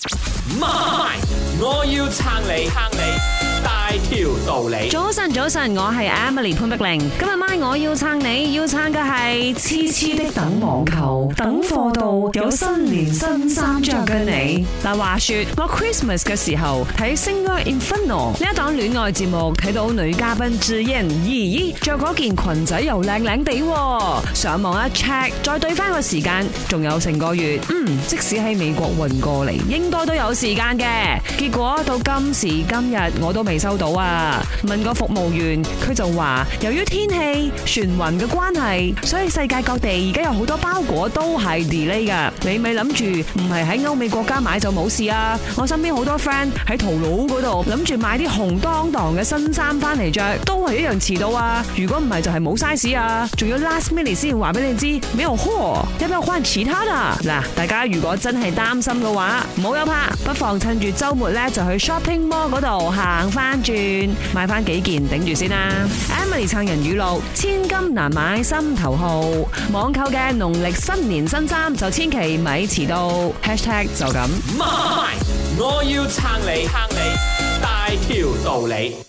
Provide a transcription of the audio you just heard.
媽咪，My, 我要撐你，撐你。大條道理，早晨，早晨，我係 Emily 潘碧玲。今日晚我要撐你，要撐嘅係痴痴的，的等網球，等貨到，等到有新年新衫着嘅你。嗱，話說我 Christmas 嘅時候睇《Single's Inferno》呢一檔戀愛節目，睇到女嘉賓朱茵，咦咦，着嗰件裙仔又靚靚地。上網一 check，再對翻個時間，仲有成個月。嗯，即使喺美國運過嚟，應該都有時間嘅。結果到今時今日，我都。未收到啊！問個服務員，佢就話由於天氣、船運嘅關係，所以世界各地而家有好多包裹都係 delay 噶。你咪諗住唔係喺歐美國家買就冇事啊！我身邊好多 friend 喺圖魯嗰度諗住買啲紅當當嘅新衫翻嚟着，都係一樣遲到啊！如果唔係就係冇 size 啊！仲要 last minute 先話俾你知，冇貨，有咩關其他啊？嗱，大家如果真係擔心嘅話，唔好有怕，不妨趁住周末咧就去 shopping mall 嗰度行翻轉買翻幾件頂住先啦！Emily 撐人語錄，千金難買心頭好，網購嘅農曆新年新衫，就千祈咪遲到。#hashtag 就咁，我我要撐你撐你大條道理。